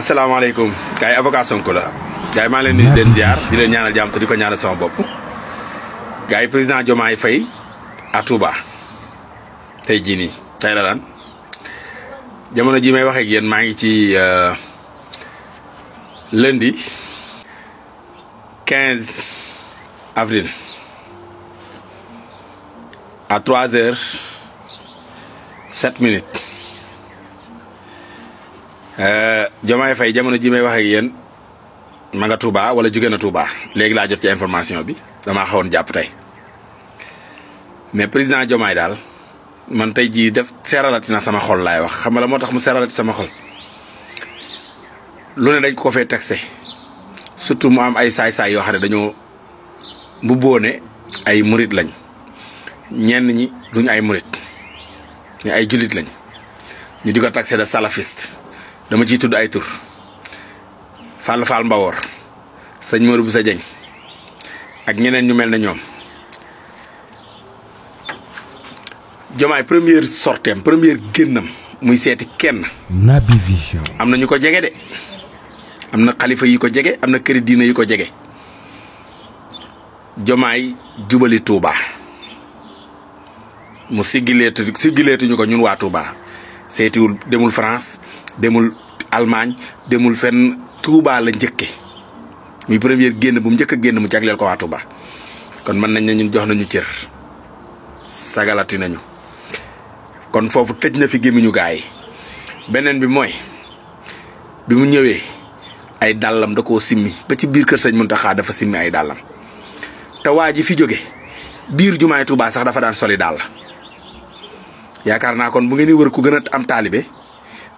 Assalamualaikum. gars yi avocat Sonko la gars ma len leen den ziar di len ñaanal jàmm te di ñaanal sama bop gars president président fay Faye Touba tay la lan jamono ji may waxee ak yeen ma ngi ci euh, lundi 15 avril à 3 h 7 minutes Eh, Jamaah Faye jamono ji may wax ak yéen ma nga Touba wala jóge na Touba léegi laa jot ci information bi damaa xawoon jàpp tey mais président Diomaye man def sama xol laay wax xam nga tak moo mu sama xol lu ne dañ ko fee taxé surtout mu am ay saay-saay yoo xam ne dañoo bu boone ay murit lañ ñenn ñi duñu ay murit ñu ay julit lañ dama ci tudd ay tur Fall Fall Mbawor sëñ Modou Boussa Dieng ak ñeneen ñu mel na ñoom Diomaye première sorteem première génnam muy seeti kenn. Naby Vision. am na ñu ko jege de am na xalifa yi ko jege am na këri diina yi ko jege Diomaye jubali Touba mu siggileetu siggileetuñu ko ñun waa Touba seetiwul demul France demul Allemagne demul fenn Touba la njëkke mi premier génn bu mu njëkk a génn mu jaglel ko wa Touba kon man nañ ñu jox nañu cër sagalati nañu kon fofu tëj na fi gémmiñu gaay benen bi moy bi mu ñëwé ay dalam da ko simmi ba ci biir kër sëñ Muntaxa dafa simmi ay dalam ta waji fi joggé biir jumaa Touba sax dafa daan soli dàll yaakaar naa kon bu ngeen di wër ku gën a am taalibe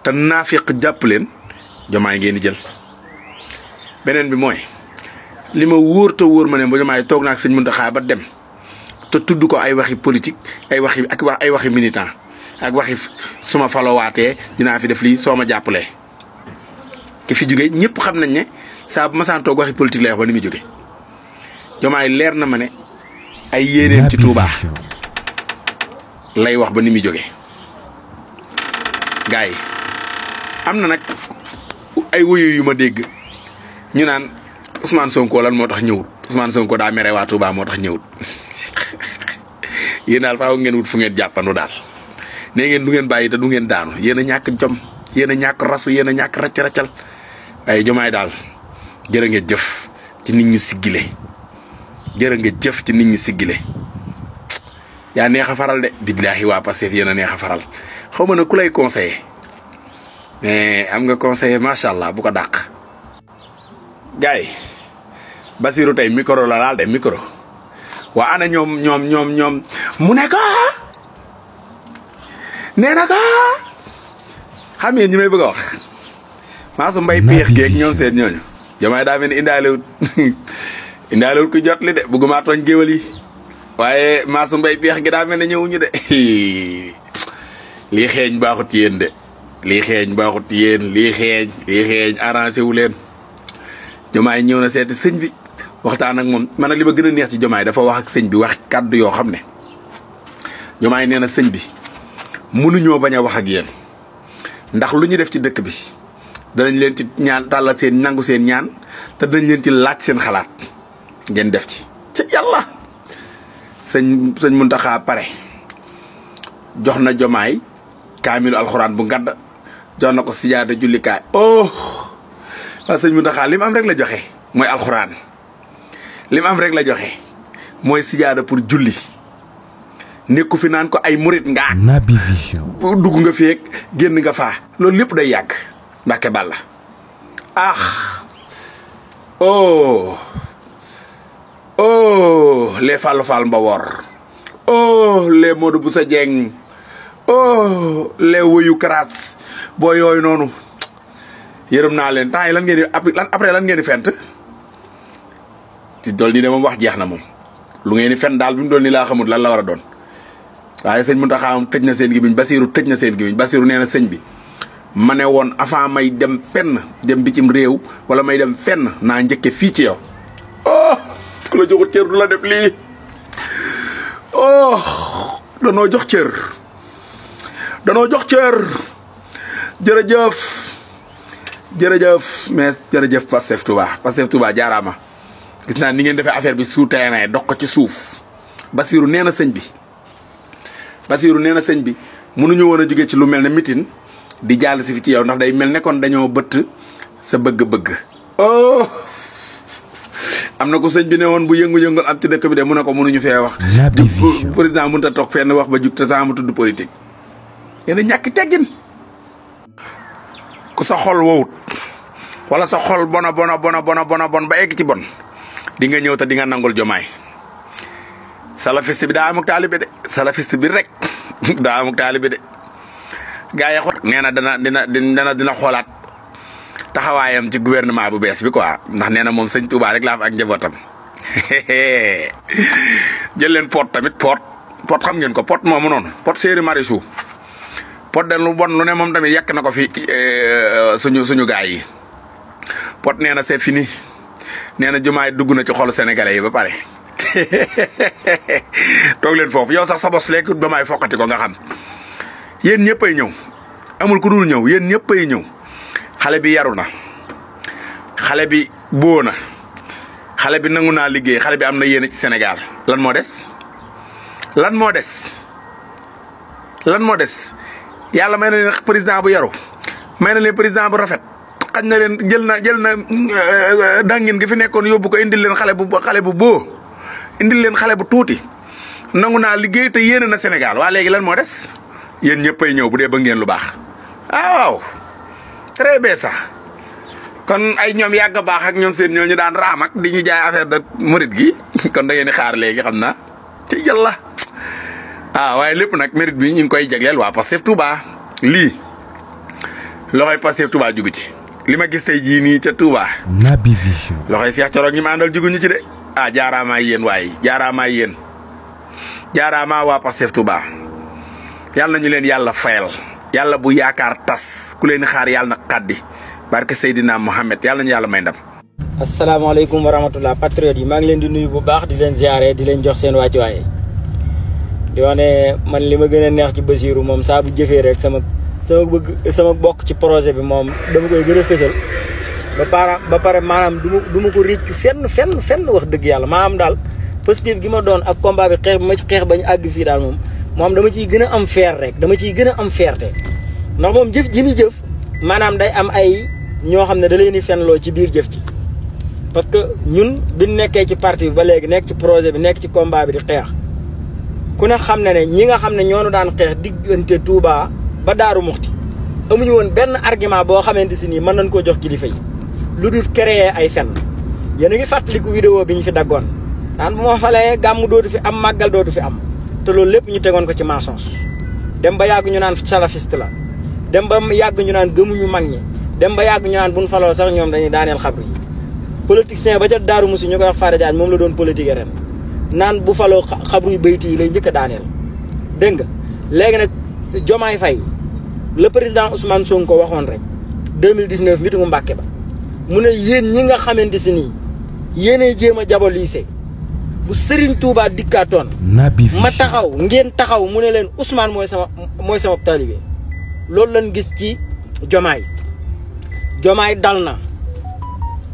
te nafiq japp len jomay ngeen di jël benen bi moy lima ma wóor te wóor ma ne ba jomaay toog naa ba dem te tuddu ko ay waxi politique ay waxi ak wax ay waxi militant ak waxi suma falowaatee dina fi def li soma ma ki fi jóge ñepp xam nañ né sa bu ma santo waxi politique lay wax ni mi jomay lér na mané ay yéeneem ci Touba lay wax ba ni mi gaay am na nag ay wuyu yu ma dégg ñu naan Ousmane Sonko lan moo tax ñëwut Ousmane Sonko daa mere waa Touba moo tax ñëwut yéen daal faaw ngeen wut fu ngeen jàppandu daal nee ngeen du ngeen bàyyi te du ngeen daanu yéen a ñàkk jom yéen a ñàkk rasu yéen a ñàkk racc raccal waaye jomaay daal jërë ngeen jëf ci nit ñu siggile jërë ngeen jëf ci nit ñu siggile yaa neex a faral de billaahi waa Pastef yéen a neex a faral xaw ma ne ku lay conseillé mais eh, am nga conseiller macha allah bu ko dàq. gars yi Basirou tey micro la laal de micro waa ana ñoom ñoom ñoom ñoom mu ne ko xam yen ñi may bëgg a wax. maasu mbay piix geeg ñoom seen ñooñu. jamaay daa mel ni indaale wut indaale wut ku jot de bëgguma tooñ géwél yi waaye maasu mbay piix gi daal mel ne ñëwuñu de lii xeeñ baaxut ci yéen de. xéñ ba xut yeen li xéñ li xéñ arrangé wu len jomay ñew na sét sëñ bi waxtaan ak mom man ak li ma gëna neex ci jomay dafa wax ak sëñ bi wax kaddu yo xam jomay neena nee sëñ bi mënu ñoo baña wax ak yeen ndax lu ñu def ci dëkk bi dañ leen ci ñaan tàllal seen nangu seen ñaan te dañ leen ci laaj seen xalaat ngeen def ci ci yalla señ señ Muntaxa pare joxna jomay kamilul alquran bu ngadda jono na ko sijaada jullikaay oh wa sëñ Muntaxa lim am rek la joxe moy alquran lim am rek la joxe moy sijaada pour julli neeku fi nan ko ay murit ngaa. Naby Vision. dug nga feeg genn nga fa loolu lepp day yak mbake balla ah oh oh le fal Fall wor oh le Modou sa jeng, oh le Woyou crasse boy yoy nonu yërëm na len tay lan ngeen di après lan ngeen di fent ci dol ni de wax jeex na mom lu ngeen di fen dal bimu dol ni la laa xamul lan la wara a waye seigne sëñ Mountakha tejj na seen gémmiñ Basiru tejj na seen gémmiñ Basiru neena na bi mané won woon avant may dem fenn dem bitim rew wala may dem fenn na njëkke fi ci yow oh ku la joxu cër du la def li oh dono jox cër danoo jox cër jërëjëf jërëjëf mais jërëjëf Pastef Touba Pastef Touba jaaraama gis naa ni ngeen defee affaire bi sous terrain dox ko ci suuf Basiru nee na sëñ bi Basiru nee na sëñ bi mënuñu woon a jóge ci lu mel ne mitin di jàll si fi ci yow ndax day mel ne kon dañoo bëtt sa bëgg-bëgg. oh am na ko sëñ bi ne woon bu yëngu-yëngal am ci dëkk bi de mun ne ko mënuñu fee wax. président mënut a toog fenn wax ba jug te sama tudd politique. yéen a ñàkk teggin. ku sa xol wowut wala sa xol bona bona bona bona bona bon ba egg ci bon di nga ñew te di nga nangul jomay salafiste bi da amuk talibé de salafiste bi rek da amuk talibé de gaay xol dana dina dina dina xolaat taxawayam ci gouvernement bu bes bi quoi ndax nee na seigne Touba rek la fa ak njabootam jël len pot tamit pot pot xam ngeen ko pot momu non pot pot de lu bon lu ne moom tamit yàq na ko fi eh, eh, suñu suñu gaay yi pot nee na c'est fini nee na yi dugg na ci xolu sénégalais yi ba pare toog leen foofu yow sax sa bos lekk ba may fokkati ko nga xam yéen ñëpp ay ñëw amul ku dul ñëw yéen ñëpp ay ñëw xale bi yaru na xale bi boo na xale bi nangu naa liggéey xale bi am na yéen ci Sénégal lan moo des lan moo des lan moo des yàlla may na leen président bu yaru may na leen président bu rafet xaj na leen jël na jël na euh, dangin gi fi nekkoon yóbbu ko indil leen xale bu xale bu boo indil leen xale bu tuuti nangu naa liggéey te yéene a Sénégal waa léegi lan moo des yéen ñëppay ñëw bu dee ba ngeen lu baax ah waaw très bien sax kon ay ñoom yàgg baax ak ñoom seen ñoo ñu daan raam ak di ñu jaay affaire de murit gi kon da ngeen di xaar léegi xam na ci yàlla ah waye lepp nak mérite bi ñing koy jéglél wa passé Touba lii loxoy passé Touba jugu ci li ma gis tay ji ni ci Touba. nabi Vision. loxoy Cheikh toro ñi ma àndal ñu ci dé ah jaarama yeen waye jaarama yeen jaarama wa passé Touba Yalla ñu leen yalla fayal yalla bu yaakar tas ku leen xaar yalla na xaddi barke sayidina mohammed yalla ñu yalla may ndam. alaykum wa rahmatullah patriote yi ma ngi leen di nuyu bu baax di leen ziaré di leen jox seen waye di wax ne man li ma gën a neex ci Basiiru moom saa bu jëfee rek sama sama bëgg sama bokk ci projet bi moom dama koy gën a fësal ba pare ba pare maanaam du ma ma ko réccu fenn fenn fenn wax dëgg yàlla maa am daal positif gi ma doon ak combat bi xeex ma ci xeex ba ñu àgg fii daal moom moom dama ciy gën a am feer rek dama ciy gën a am fierté ndax moom jëf ji muy jëf maanaam day am ay ñoo xam ne da leen di fenloo ci biir jëf ci parce que ñun biñ nekkee ci parti bi ba léegi nekk ci projet bi nekk ci combat bi di xeex ku ne xam ne ne ñi nga xam ne ñoonu daan xeex diggante Touba ba Daaru Muxti amuñu woon benn argument boo xamante si nii mën nañ koo jox kilifay lu dul créer ay fen yéen a ngi fàttaliku vidéo bi ñu fi daggoon daan bu ma falee gàmm dootu fi am màggal dootu fi am te loolu lépp ñu tegoon ko ci mensonge dem ba yàgg ñu naan salafiste la dem ba yàgg ñu naan gëmuñu mag ñi dem ba yàgg ñu naan buñ faloo sax ñoom dañuy daaneel xabri politicien ba ca Daaru ñu koy la doon politique ren naan bu falo xabruy bayti yi lay njëkk a daaneel dégg nga léegi nag Jomaay Fay le président Ousmane Sonko waxoon rek 2019 mitingu Mbàkke ba mu ne yéen ñi nga xamante si nii yéenay jéem a diaboliser bu Serigne Touba dikkaatoon ma taxaw ngeen taxaw mu ne leen usmaan mooy sama mooy sama taalibe loolu lañ gis ci Jomaay Jomaay dal na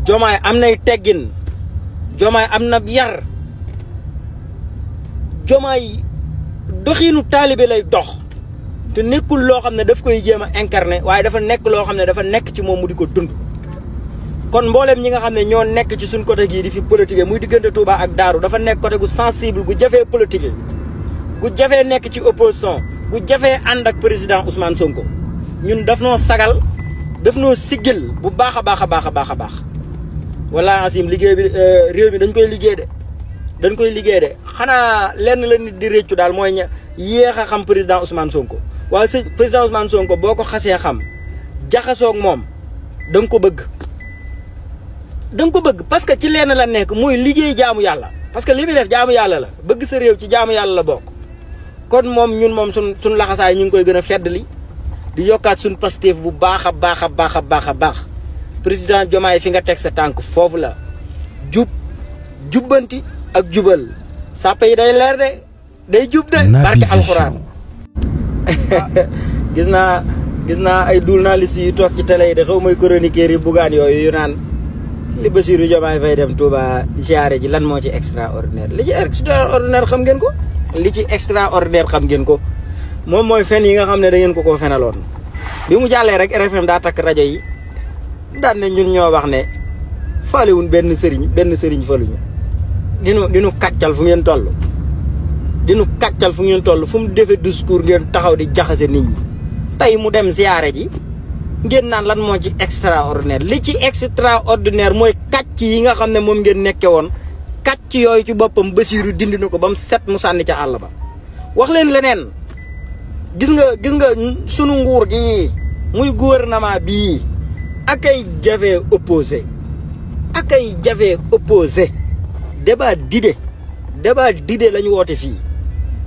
Jomaay am nay teggin Jomaay am na yar jomaay doxiinu taalibe lay dox te nekkul loo xam ne daf koy jéem a incarné waaye dafa nekk loo xam ne dafa nekk ci moom mu di ko dund kon mbooleem ñi nga xam ne ñoo nekk ci suñ côté gii di fi politique muy diggante Touba ak Daaru dafa nekk côté gu sensible gu jafee politique gu jafee nekk ci opposition gu jafee ànd ak président Ousmane Sonko ñun daf noo sagal daf noo siggil bu baax a baax a baax a baax a baax wala asim liggéey bi euh, réew mi dañ koy liggéey dañ koy liggéey de xana lenn la nit di réccu daal mooy ña yéex a xam président Ousmane Sonko waaye si président Ousmane Sonko boo ko xasee xam jaxasoog moom da ko bëgg da ko bëgg parce que ci lenn la nekk muy liggéey jaamu yàlla parce que li muy def jaamu yàlla la bëgg sa réew ci jaamu yàlla la bokk kon moom ñun moom sun sun laxasaay ñu ngi koy gën a li di yokkaat sun pastéef bu baax a baax a baax a baax a baax président Diomaye fi nga teg sa tànk foofu la jub jubbanti ak jubal sàppe yi day leer de day jub de barke alxuraan gis naa gis naa ay journaliste yu toog ci télé yi xaw may chroniqueur yi bugaan yooyu yu naan li Bassirou Diomaye Faye dem Touba ziare ji lan moo ci extraordinaire li ci extraordinaire xam ngeen ko li ci extraordinaire xam ngeen ko moom mooy fen yi nga xam ne da ngeen ko koo fenaloon bi mu jàllee rek RFM daa takk rajo yi daan ne ñun ñoo wax ne faalewuñ benn sëriñ benn sëriñ faluñu dinu dinu katchal fu ngeen tollu dinu katchal fu ngeen tollu fu mu defé discours ngeen taxaw di jaxase nit ñi tay mu dem ziaré ji ngeen naan lan mo ci extraordinaire li ci extraordinaire moy katch yi nga xam mom ngeen nekké won katch yoy ci bopam basiru dindi nako bam set mu sanni ci Allah ba wax leen leneen gis nga gis nga sunu nguur gi muy gouvernement bi akay jafé opposé akay jafé opposé débat d'idée débat d'idée la woté fi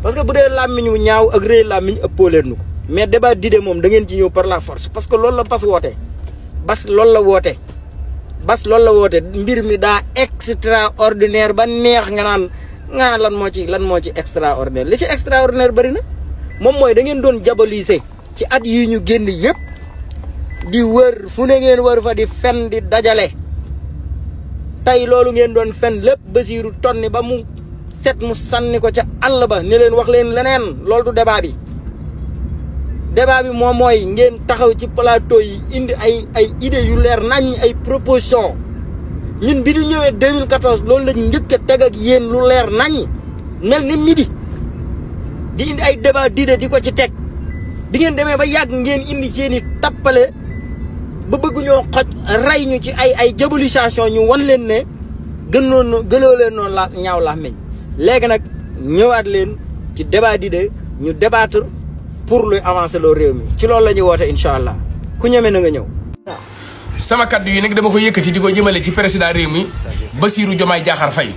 parce que boudé lamiñu ñaaw ak rëy lamiñ ëppoo leen nu mais débat d'idée mom da ngeen ci ñëw par la force parce que loolu la bas woté bas loolu la woté bas loolu la woté mbir mi da extraordinaire ba neex nga naan nga lan mochi ci lan mo ci extraordinaire li ci extraordinaire bari na mom moy da ngeen doon jaboliser ci at yi ñu génn yépp di wër fu ne ngeen wër fa di fenn di dajale tey loolu ngeen doon fen lépp Basiiru tonni ba mu set mu sànni ko ca àll ba ne leen wax leen leneen lool du débat bi débat bi moom mooy ngeen taxaw ci plateau yi indi ay ay idées yu leer nañ ay proposition ñun bi ñu ñëwee 2014 loolu lañ njëkk a teg ak yéen lu leer nañ mel ni midi di indi ay débat d'idées di ko ci teg bi ngeen demee ba yàgg ngeen indi seen i tappale ba bëgg ñoo xoj rey ñu ci ay ay diabolisation ñu wan leen ne gënoon na gëloo leen noonu la ñaaw làmmiñ léegi nag ñëwaat leen ci débat de ñu débattre pour luy avancer loo réew mi ci loolu la ñuy woote incha allah ku ñeme na nga ñëw. sama kaddu yi nag dama ko yëkkati di ko jëmale ci président réew mi Bassirou Diomaye Diakhar Faye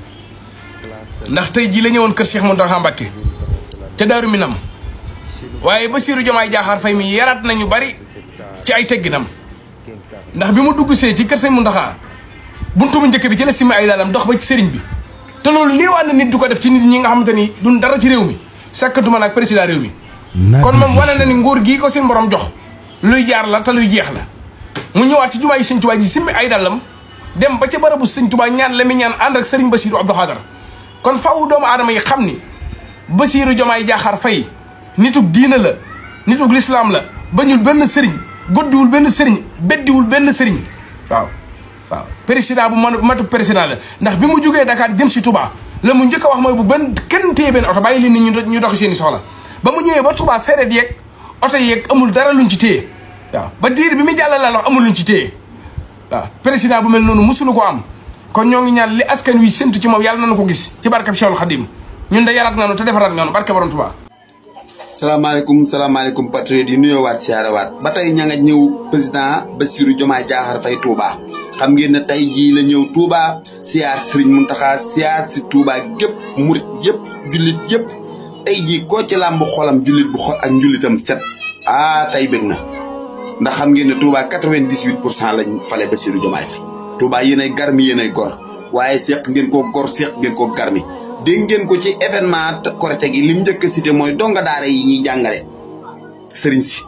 ndax te jii la ñëwoon kër Cheikh Mountakha Mbacké te Daaru Minam waaye Bassirou Diomaye jaxaar fay mi yaraat nañu bari ci ay tegginam. ndax bi dugg see ci kër sëñ Muntaxa buntu mu njëkk bi ci la simi ay laalam dox ba ci serigne bi te loolu néewaan na nit du ko def ci nit ñi nga xamanteni duñ dara ci réew mi sàkkantuma nak président réew mi kon mom wala na ni nguur gi ko seen borom jox luy jaar la te luy jeex la mu ñëwaat ci jumaa yi sëñ ji simmi ay dalam dem ba ci barabu sëñ Tuubaa ñaan la mi ñaan and ak sëriñ Basiiru abdou Xaadar kon faaw doom adam yi xamni ni Basiiru Jomaay Jaaxaar Fay nituk diina la nituk l'islam la bañul ben sëriñ goddiwul benn sëriñ beddiwul benn sëriñ waaw waaw président bu man matu président la ndax bi mu jógee Dakar jëm si Touba la mu njëkk a wax mooy bu benn kenn téye benn oto bàyyi li nit ñu dox seen i soxla ba ñëwee ba Touba sereet yeeg oto yeeg amul dara luñ ci téye waaw ba diir bi mu jàlla la wax amul luñ ci téye waaw président bu mel noonu mësuñu ko am kon ñoo ngi ñaan li askan wi séntu ci moom yàlla nañu ko gis ci barkab Cheikhul Khadim ñun da yaraat nga nu te defaraat nga nu barke borom Touba Assalamualaikum, assalamualaikum patriote di nuyo wat siara wat ba tey ña nga ñew president basiru Diomaye Diakhar new Touba xam ngeen ne tay ji la ñew Touba siar Serigne Mountakha siar si Touba gep mourid yep julit yep tay ji ko ci lamb xolam julit bu xol ak julitam set ah tay bëgg na ndax xam ngeen ne Touba 98 lañ fale basiru Diomaye fay Touba yene garmi yene gor waye sekk ngeen ko gor sekk ngeen ko garmi dégg ngeen ko ci événement korite gi lim njëkk a cité mooy donga daara yi ñuy jàngale sëriñ si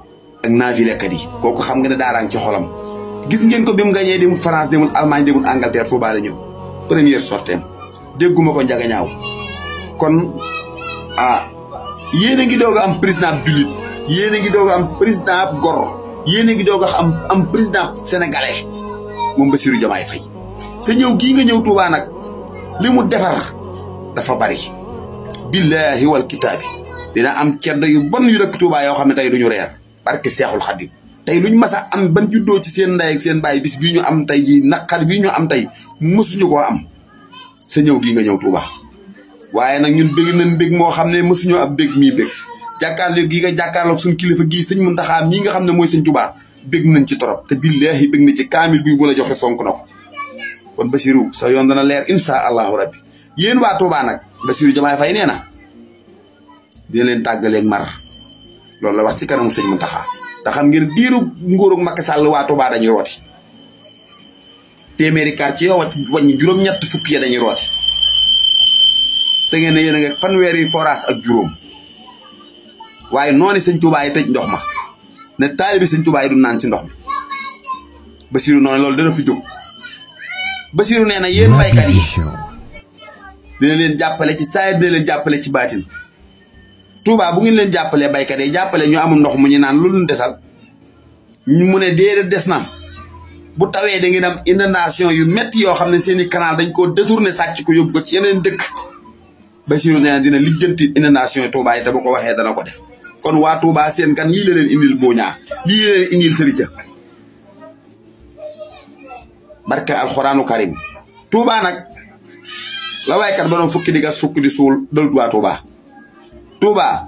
ak naafilekat yi kooku xam nga ne daaraan ci xolam gis ngeen ko bi mu gañee demul France demul Allemagne demul Angleterre Touba la ñëw première sorteem dégguma ko njaga ñaaw kon a ngi doog a am président ab jullit yéen a ngi doog a am gor yéen a ngi doog a am am président sénégalais moom Bassirou Diomaye Faye sa ñëw gii nga ñëw Touba nag limu defar dafa bari billahi wal kitab dina am cedd yu bon yu rek touba yo xamne tay duñu reer barke cheikhul khadim tay luñu massa am ban juddo ci seen nday ak seen baay bis bi ñu am tay ji naqar ñu am tay musuñu ko am sa ñew gi nga ñew touba waye nak ñun begg nañ begg mo xamne musuñu mësuñoo begg mi begg bég yu gi nga jàkkaarloog suñu kilifa gii sëñ Muntaxa mi nga xamne moy mooy touba begg nañ ci torop te billahi begg na ci kamil bi bu la joxe fonk nako kon Basiru sa yoon dana leer insha allah rabbi yéen waa Touba nag Bassirou Diomaye Faye nee na dina leen tàggaleeg mar loolu la wax ci kanamu sëñ Mountakha te xam ngeen diiru nguurug Macky Sall waa Touba dañuy rooti téeméeri quartier yoo wàññi juróom-ñett dañuy rooti te ngeen ne yéen a ngi fanweeri forage ak juróom waaye noonu sëñ Touba yi tëj ndox ma ne taalibi sëñ Touba yi du naan ci ndox mi Bassirou noonu loolu dana fi jóg Bassirou nee na yéen baykat dina leen jàppale ci saayir dina leen jàppale ci baatin Touba bu ngeen leen jàppalee baykat yi jàppale ñu amul ndox mu ñu naan loolu desal ñu mu ne déedéet des na bu tawee da ngeen am yu métti yoo xam ne seen i canal dañ koo détourné sàcc ko yóbbu ko ci yeneen dëkk ba nee na dina lijjanti inondation yi yi te boo ko waxee dana ko def kon waa Touba seen gan lii la leen indil buuñaa lii la leen indil sëriñ barke alxuraanu karim Touba nag. la way kat doon fukki di gas fukki di sul, dal wa tuba tuba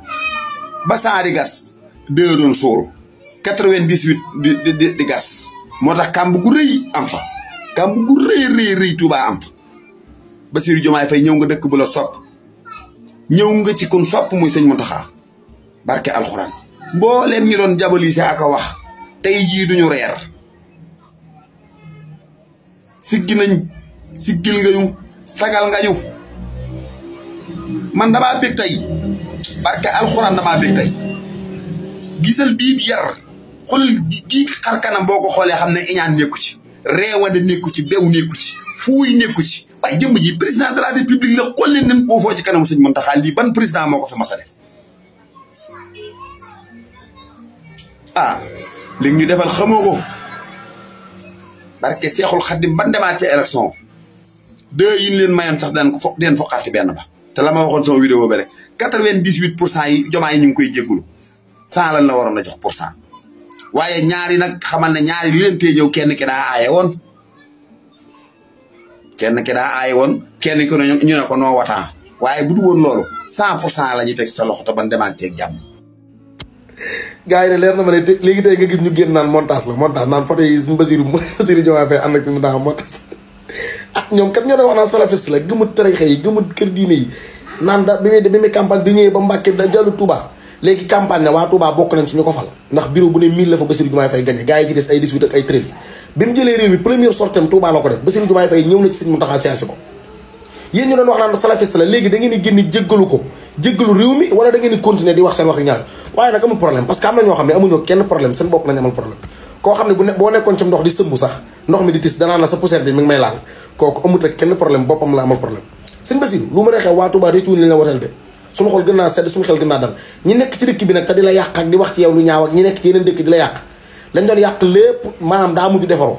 ba saa gas deux doon suul di di di gas motax kambu gu rëy am fa kàmb gu rëy rëy rëy Touba am fa Bassirou Diomaye fay ñew nga dekk bu la sop ñew nga ci kun sop muy seigne Mountakha barke alxuraan mbooleem ñu doon jabalise ak wax tay ji duñu reer siggi nañ siggil nga sagal nga ñu man damaa bég tey barke alxuraan damaa bég tey gisal bii bi yar xoolal gii xarkanam boo ko xoolee xam ne iñaan nekku ci reewande nekku ci bew nekku ci fuuy nekku ci waaye jëmb ji président de la république la xool leen nem boo foo ci kanamu sëñ Muntaxa lii ban président moo ko fi mas a def ah léegi ñu defal xamoo ko barke seexul xaddim ban demaat ci élection deux yi ñu leen mayoon sax daan ko fo deen foqaati benn ba te la ma waxoon sama vidéo ba rek quatre-vingt-dix-huit pour cent yi yi ñu ngi koy jéggulu cent lan la waroon a jox pour cent waaye ñaari nag xamal ne ñaari li leen tee ñëw kenn ki daa aaye woon kenn ki daa aaye woon kenn ki ne ñu ne ko noo wataa waaye bu du woon loolu cent pour cent la ñuy teg sa loxo te ban demanteeg jàmm gars yi ne leer na ma ne léegi tey nga gis ñu génn naan montage la montage naan photo yi Basiru Basiru Diomaye Faye ah ñoom kat ñoro wana wax la gëmu tarixa yi gëmu kër diine yi nan da bi mi campagne bi ñëw ba mbacké da jallu Touba légui campagne wa Touba bokk nañ ci ñuko fal ndax bureau bu ne 1000 la fa bassir djumaay fay gagné gaay yi ci des ay 18 ak ay 13 bi mu jëlee réew mi première sortem Touba la ko def bassir djumaay fay ñëw na ci seigne moutakha siyaasi ko yeen ñu doon wax nan salafiste la légui da ngeen ni génn jéggalu ko jéggalu réew mi wala da ngeen ni continuer di wax seen wax ñaar waye nak amul problème parce que am na ñoo xam amuñu kenn problème seen bopp lañ amul problème koo xam ne bu ne boo nekkoon ci ndox di sëmbu sax ndox mi di tis danaa la sa poussière bi mi ngi may laal kooku amut ak kenn problème boppam la amal problème sëñ Basiru lu waa Touba réccuwuñ li nga woteel nekk ci dëkk bi nag wax ci yow lu ñaaw ak ñi nekk ci yeneen dëkk di lañ doon yàq lépp maanaam daa mujj defaroo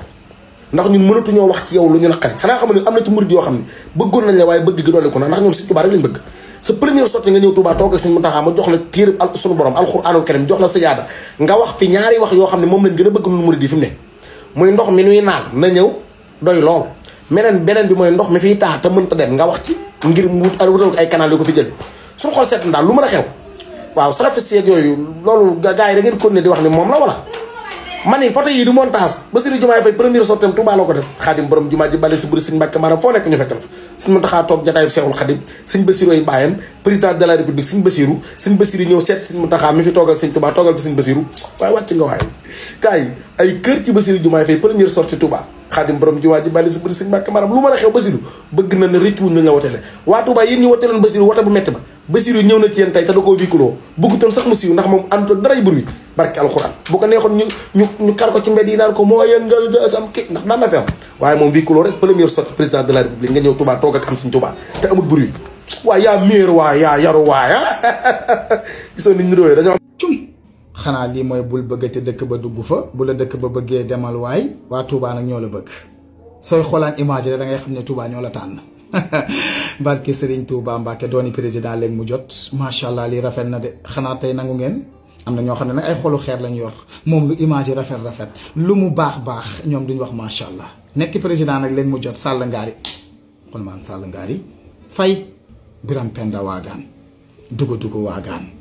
ndax ñun mënatuñoo wax ci yow lu ñu naqari xanaa xam ne am na ci yoo xam ne bëggoon nañ la waaye bëgg gi doole ko ndax ñoom Sëñ Tuubaa rek lañ bëgg sa première sortie nga ñëw Touba toog ak sëñ Muntaxa ma jox la téereb al sunu borom alxuraanul karim jox la sa yaada nga wax fi ñaari wax yoo xam ne moom la gën a bëgg nun murid yi fi ne ndox mi nuy naan na ñëw doy lool meneen beneen bi mooy ndox mi fiy taar te mën ta dem nga wax ci ngir mu wutal ko ay canal yoo ko fi jël suñu xool seet daal lu mën a xew waaw salafiste yeeg yooyu loolu gars yi da ngeen continuer di wax ni moom la wala mané photo yi du montage ba Bassirou Diomaye fay premier sortem Touba lako def khadim borom jumaa ji balé si buri sëñ Mbàkke Maram fo nek ñu fekkal fa sëñ Muntaxa tok jotaay cheikhul khadim sëñ Bassirou ay bayam président de la république sëñ Bassirou sëñ Bassirou ñëw seet sëñ Muntaxa mi fi togal sëñ Touba togal fi sëñ Bassirou waaye wàcc nga way kay ay kër ci Bassirou Diomaye fay premier sortie Touba khadim borom jumaa ji balé si buri sëñ Mbàkke Maram lu mën a xew Bassirou bëgg na ne rëcc wuñ nga nga woteele waa Touba yeen ñu woteeloon Bassirou wota bu metti ba Bassirou ñew na ci yeen tay ta da koo wikuloo tan sax mu siiw ndax antu dara daray bruit barke alquran bu ko neexon ñu ñu ñu kar ko ci mbedi yi ko moo yëngal ga sam kii ndax daan na fi am waaye moom rek premier sortie president de la republique nga ñew Touba toga kam seigne suñ Touba te amul bruit wa ya mer wa ya yaru wa ya ah. gisoon ni ñu réew dañu chum xana li moy bul bëggate dekk ba duggu fa bu la dekk ba bëggee demal way wa Touba nak ñoo la bëgg soy xolaan image da ngay xamne Touba ñoo la tan barke Serigne Touba mbake doni president leen mu jot macha allah lii rafet na de xana tay nangou ngene amna ño xamne nak ay xolu xeer lañ yor mom lu image rafet rafet lu mu bax bax ñom duñ wax allah mu jot Sall Ngari kon man Sall Ngari fay Biram Penda wagan, dugu dugu wagan,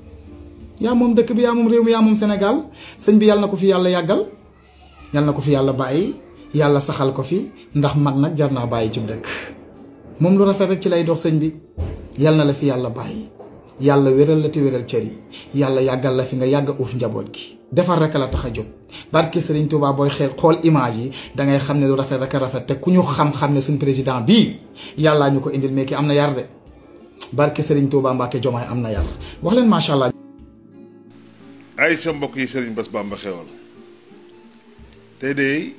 ya mom dekk bi ya mom rew mi ya mom senegal señ bi yalla nako fi yalla yagal yalla na fi yalla bàyyi yalla saxal ko fi ndax mag nak jarna ci dekk moom lu rafet rek ci lay dox sëñ bi yal na la fi yàlla bàyyi yàlla wéral la te wéral cër yi yàlla yàggal la fi nga yàgg uuf njaboot gi defar rek la tax a jóg barki Sëriñ Tuubaa booy xel xool image yi dangay xam ne lu rafet rek rafet te ku ñu xam-xam ne suñ président bi yàlla ñu ko indil mais am na yar de barki Sëriñ Tuubaa Mbàkke Jomaay am na yar wax leen macha allah. ay sa mbokk yi Sëriñ Bass Bamba Xewal te de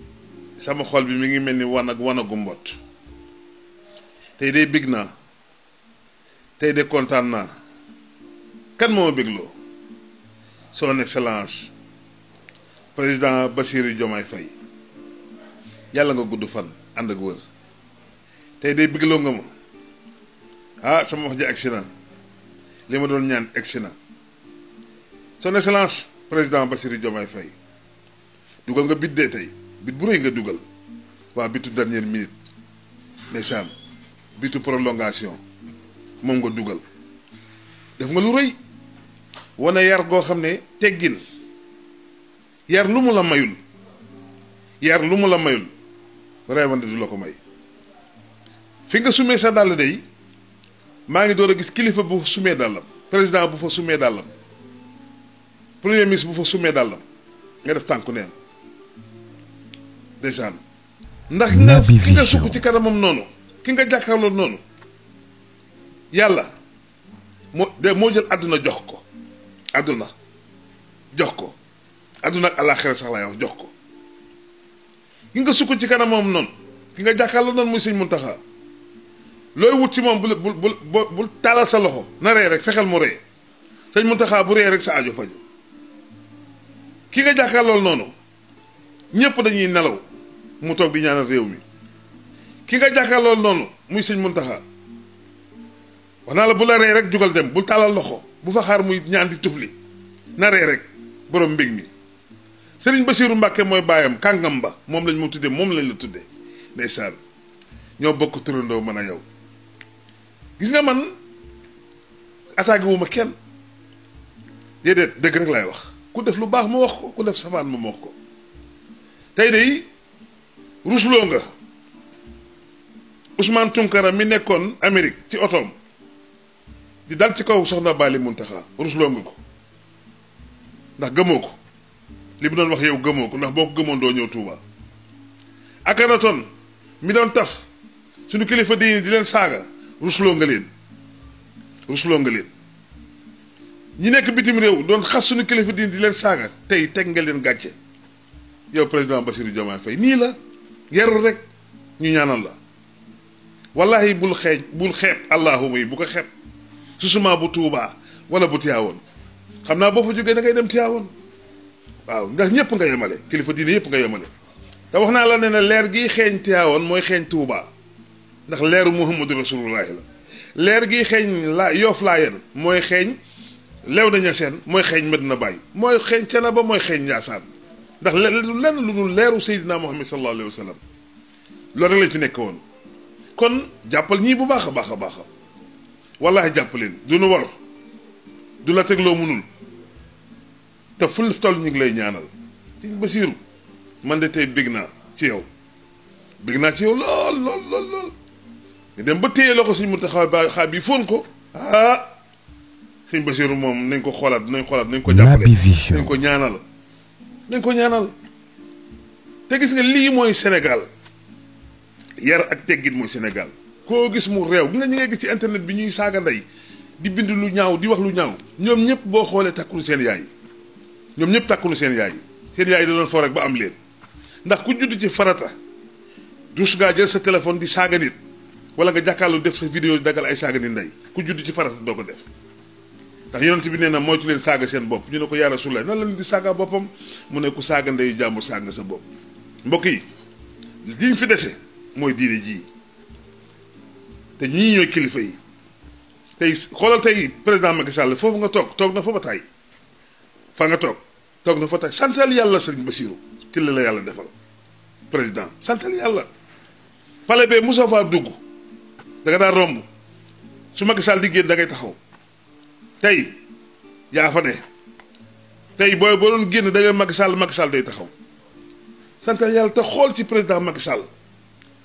sama xool bi mu ngi mel ni wan ak wan a gumbot tey de big naa tey de kontaan naa kan moo bégloo son excellence président Basiri jomay fay yàlla nga gudd fan ànd ak wër tey de bégloo nga ma ah sama wax ji agsi na li ñaan son excellence président Basiri jomay fay dugal nga bit dee tey bit bu rëy nga dugal waa bitu dernière minute ndeysaan bitu prolongation moom nga dugal def nga lu rëy wane yar goo xam ne teggin yar lu mu la mayul yar lu mu la mayul reewande du la may fi nga sumee sa dàll day maa ngi door a gis kilifa bu fa sumee dàllam président bu fa sumee dàllam premier ministre bu fa sumee dàllam nga def tànku neen ndeysaan ndax nga nga sukk ci kanamam ki nga jàkkaarloo noonu yàlla moo de moo jël àdduna jox ko àdduna jox ko àdduna ak àllaaxira sax lay wax jox ko ki nga sukk ci kanam moom noonu ki nga jàkkaarloo noonu muy sëñ Muntaxa looy wut ci moom bul bul bul taalal sa loxo na ree rek fexeel mu ree sëñ Muntaxa bu ree rek sa aajo faju ki nga jàkkaarloo noonu ñëpp dañuy nelaw mu toog di ñaanal réew mi ki nga jàkkaar loolu noonu muy sëñ Muntaxa wax naa la bu la rey rek jugal dem bu tàllal loxo bu fa xaar muy ñaan di tufli na rey rek borom mbég mi sëriñ Basiiru Mbàkke mooy baayam kàngam ba moom lañ ma tuddee moom lañ la tuddee ndeysaan ñoo bokk turandoo mën a yow gis nga man attaqué wu ma kenn déedéet dëgg rek laay wax ku def lu baax ma wax ko ku def safaan ma wax ko tey de rusloo nga Ousmane Tounkara mi nekkoon amerig ci otoom di dal ci kaw soxna Bali Muntaxa rusloo nga ko ndax gëmoo ko li mu doon wax yow gëmoo ko ndax boo ko gëmoon doo ñëw Touba Akhenaton mi doon taf suñu kilifa diine di leen saaga rusloo nga leen rusloo nga leen ñi nekk bitim réew doon xas suñu kilifa diine di leen saaga tey teg nga leen gàcce yow président Bassirou Diomaye Faye nii la yarul rek ñu ñaanal la والله بول خيج بول خيب الله وي بوكو خيب سوسما بو توبا ولا بو تياون خمنا بو فجو جي نغاي ديم تياون واو دا نييب نغاي يمالي كليفا دين ييب نغاي يمالي دا وخنا لا نينا لير جي خيج تياون موي خيج توبا دا لير محمد رسول الله لا لير جي خيج لا يوف لا ين موي خيج لو دا نياسين موي خيج مدنا باي موي خيج تينا با موي خيج نياسان دا لن لودو ليرو سيدنا محمد صلى الله عليه وسلم لو رلي تي نيكون kon jappal ñi bu baaxa baaxa baaxa wallahi jàpp leen du nu war du la teg loo munul te ful tol ñu ngi lay ñaanal ci bigna, man de tey bég naa ci yow bég naa ci yow lool lool lool lool ni dem ba téye loo suñ ba xaa bi ko ah sëñ basiru moom nañ ko xoolaat nañ xoolaat nañ ko jàppale nañ ko ñaanal nañ ko ñaanal te gis nga lii mooy Sénégal yar ak teggin mooy senegal koo gis mu réew nga ñu ngi ci internet bi ñuy saaga ndey di bind lu ñaaw di wax lu ñaaw ñoom ñëpp boo xoolee takkunu seen yaay ñoom ñëpp takkunu seen yaay seen yaay da doon foo rek ba am leen ndax ku judd ci farata dus ngaa jël sa téléphone di saaga nit wala nga jàkkaarlu def sa vidéo dagal ay saaga nit ndey ku judd ci farata doo ko def ndax yonent bi nee na moytu leen saaga seen bopp ñu ne ko yaa Rasulullah nan lañ di saaga boppam mu ne ku saaga ndeyu jàmbur saaga sa bopp mbokk yi fi dese mooy diine ji te ñii ñooy kilifa yi tey xoolal tey président Macky Sall foofu nga toog toog na fa ba taay fa nga toog toog na fa taay santal yàlla sëriñ Bassirou ci li la yàlla defal président santal yàlla pale bee Moussa Fall dugg da nga romb su Macky di génn da ngay taxaw tey yaa fa ne tey booy boo doon génn da ngay Macky Sall Macky Sall day taxaw santal yàlla te xool ci président Macky Sall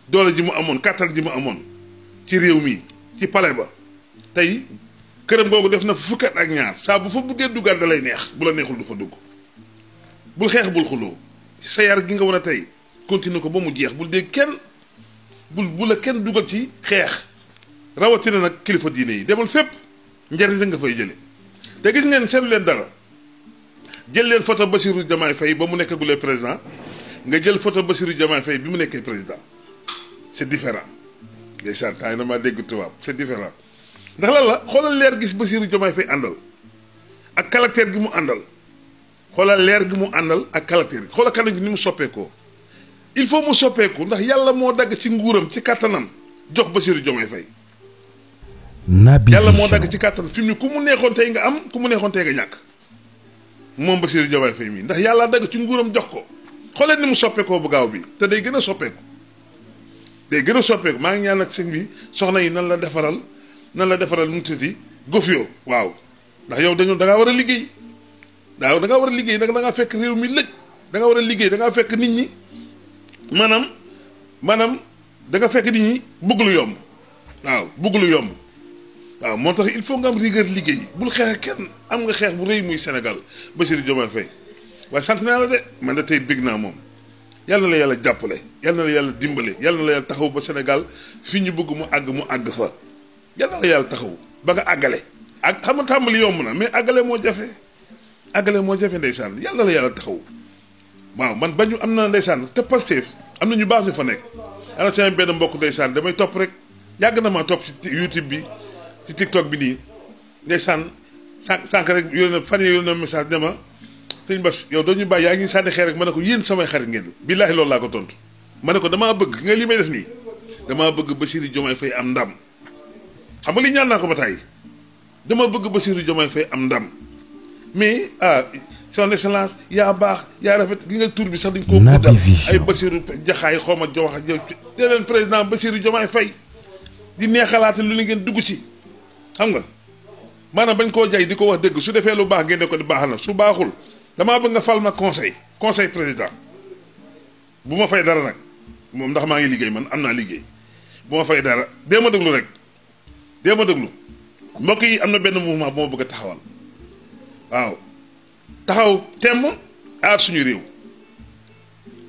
doole ji mu amoon kàttan ji mu amoon ci réew mi ci pale ba tey këram googu def na fukkat ak ñaar saa bu fa buggee duggaat da lay neex bu la neexul du fa dugg bul xeex bul xuloo sa yar gi nga war a tey continuer ko ba mu jeex bul dégg kenn bul bu la kenn dugal ci xeex rawatina nag kilifa diine yi demal fépp njariñ la nga fay jële te gis ngeen seetlu leen dara jël leen photo Bassirou Diomaye fay ba mu nekkagulee président nga jël photo Bassirou Diomaye Faye bi mu nekkee président c'est différent ndeysaan temps yi damaa dégg tubaab c'est différent ndax lan la xoolal leer gis Bassirou Diomaye Faye àndal ak caractère gi mu àndal xoolal leer gi mu àndal ak caractère gi xoolal kanam gi ni mu soppeekoo il faut mu soppeeku ndax yàlla moo dagg ci nguuram ci kàttanam jox Bassirou Diomaye Faye nabi yàlla moo dagg ci kàttan fi mu ni ku mu neexoon tey nga am ku mu neexoon tey nga ñàkk moom Bassirou Diomaye Faye mii ndax yàlla dagg ci nguuram jox ko xoolee ni mu soppeekoo bu gaaw bi te day gën a soppeeku day gëna soppé ma ngi ñaan ak sëñ bi soxna yi nan la defaral nan la défaral mu tuddati góof yoo waaw ndax yow dañu da nga wara liggéey daaw da nga wara liggéey nag da nga fekk réew mi lecc da nga wara liggéey da nga fekk nit ñi manam manam da nga fekk nit ñi bëgg lu yomb waaw bëgg lu yomb waaw moo tax il faut nga am rigueur liggéey bul xex kenn am nga xex bu reuy muy Sénégal bassir Diomaye fay waaye sant naa la de man de tey bég naa moom yàlla la yàlla jàppale yàlla la yàlla dimbale yal la yàlla taxaw ba senegal fi ñu bëgg mu àgg mu àgg fa yal la yàlla taxaw ba nga àggale ak xam nga tàmbali yomb na mais àggale moo jafe àggale moo jafe ndeysaan yal na la yàlla taxaw waaw man ba bañu am na ndeysaan te Pastef am na ñu baax ñu fa nekk ana sama benn mbokk ndeysaan damay topp rek yàgg na maa topp ci YouTube bi ci TikTok bi nii ndeysaan sànq sànq rek yónnee fan yii yónnee message ne señ bas yow doñu ñu bàyyi yaa ngi sànni xeer rek ma ne ko yéen samay xarit ngeen billahi loolu laa ko tontu ma ne ko damaa bëgg nga li may def nii damaa bëgg Bassirou Diomaye Faye am ndam xam nga li ñaan naa ko ba tàyyi dama bëgg Bassirou Diomaye Faye am ndam mais ah son excellence yaa baax yaa rafet gi nga tur bi sax dañ koo guddal ay Bassirou jaxaay xawma jox jow deneen président Bassirou Diomaye Faye di neexalaate lu li ngeen dugg ci xam nga maanaam bañ koo jay di ko wax dëgg su defee lu baax ngeen ne ko di baaxal na su baaxul damaa bëgg nga fal ma conseil conseil président bu ma fay dara nag moom ndax maa ngi liggéey man am naa liggéey bu ma fay dara dee ma déglu rek dee ma déglu mbokk yi am na benn mouvement bu ma bëgg taxawal waaw taxaw temm aar suñu réew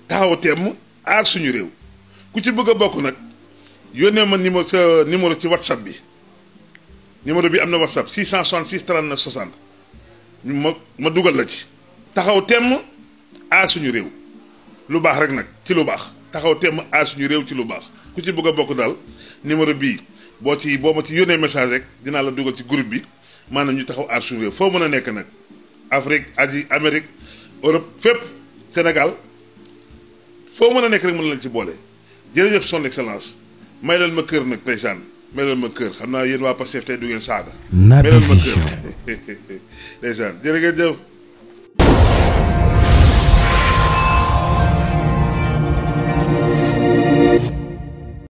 taxaw temm aar suñu réew ku ci bëgg a bokk nag yónnee ma numéro sa numéro ci whatsapp bi numéro bi am na whatsapp 666 39 60 ñu ma ma dugal la ci. taxaw temm aar suñu réew lu baax rek nag ci lu baax taxaw temm aar suñu réew ci lu baax ku ci bëgg a bokk daal numéro bii boo ci boo ma ci yónnee message rek dinaa la duggal ci groupe bi maanaam ñu taxaw aar suñu réew foo mën a nekk nag Afrique Asie Amérique Europe fépp Sénégal foo mën a nekk rek mën lañ ci boole jërëjëf son excellence may leen ma kër nag ndeysaan may leen ma kër xam naa yéen waa Pastef tey du ngeen saaga. may leen ma kër ndeysaan